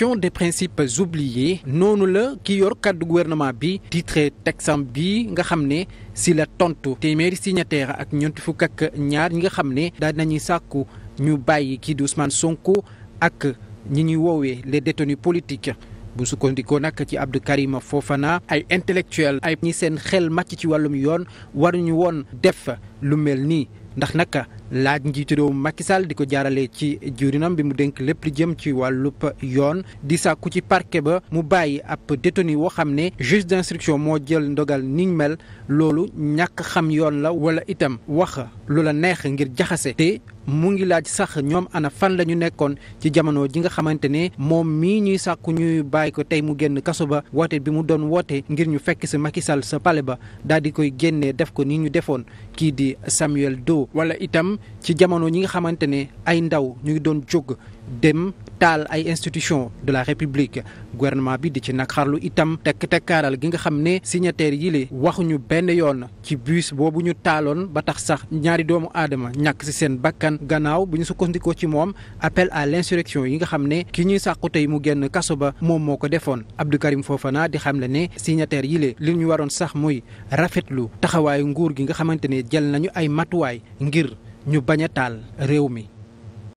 gestion des principes oubliés noonu la ki yor kàddu gouvernement bi titré texam bi nga xam ne si la tontu téeméeri signataire ak ñoonti fukk ak ñaar ñi nga xam ne daal nañuy sàkku ñu bàyyi kii du Ousmane Sonko ak ñi ñuy woowee les détenus politique bu sukkandikoo nag ci Abdou foofa naa ay intellectuel ay ñi seen xel màcc ci wàllum yoon war waruñu woon def lu mel nii ndax naka laaj njiitu réew Macky Sall di ko jaarale ci jiwrinam bi mu dénk lépp lu jëm ci wàllub yoon di sàkku ci parke ba mu bàyyi ab détenu woo xam ne juge d'instruction moo jël ndogal niñ mel loolu ñàkk xam yoon la wala itam wax lu la neex ngir jaxase te mu ngi laaj sax ñoom ana fan la ñu nekkoon ci jamono ji nga xamante ne moom mii ñuy sàkku ñuy bàyyi ko tey mu génn kaso ba woote bi mu doon woote ngir ñu fekk sa Macky Sall sa pale ba daal di koy génnee def ko ni ñu defoon di Samuel Doe wala itam ci jamono ñi nga xamante ne ay ndaw ñu ngi doon jóg dem taal ay institution de la république gouvernement bi di ci xarlu itam tekk tekkaaral gi nga xam ne signataire yi li waxuñu benn yoon ci bus boobu ñu taaloon ba tax sax ñaari doomu aadama ñàkk ci seen bakkan gannaaw bu ñu sukkandikoo ci moom appel à l'insurrection yi nga xam ne ki ñuy sàqu tey mu génn kaso ba moom moo ko defoon Abdou Karim Fofana di xamle ne signataire yi li li ñu waroon sax muy rafetlu taxawaayu nguur gi nga xamante ne jël nañu ay matuwaay ngir ñu bañ a taal réew mi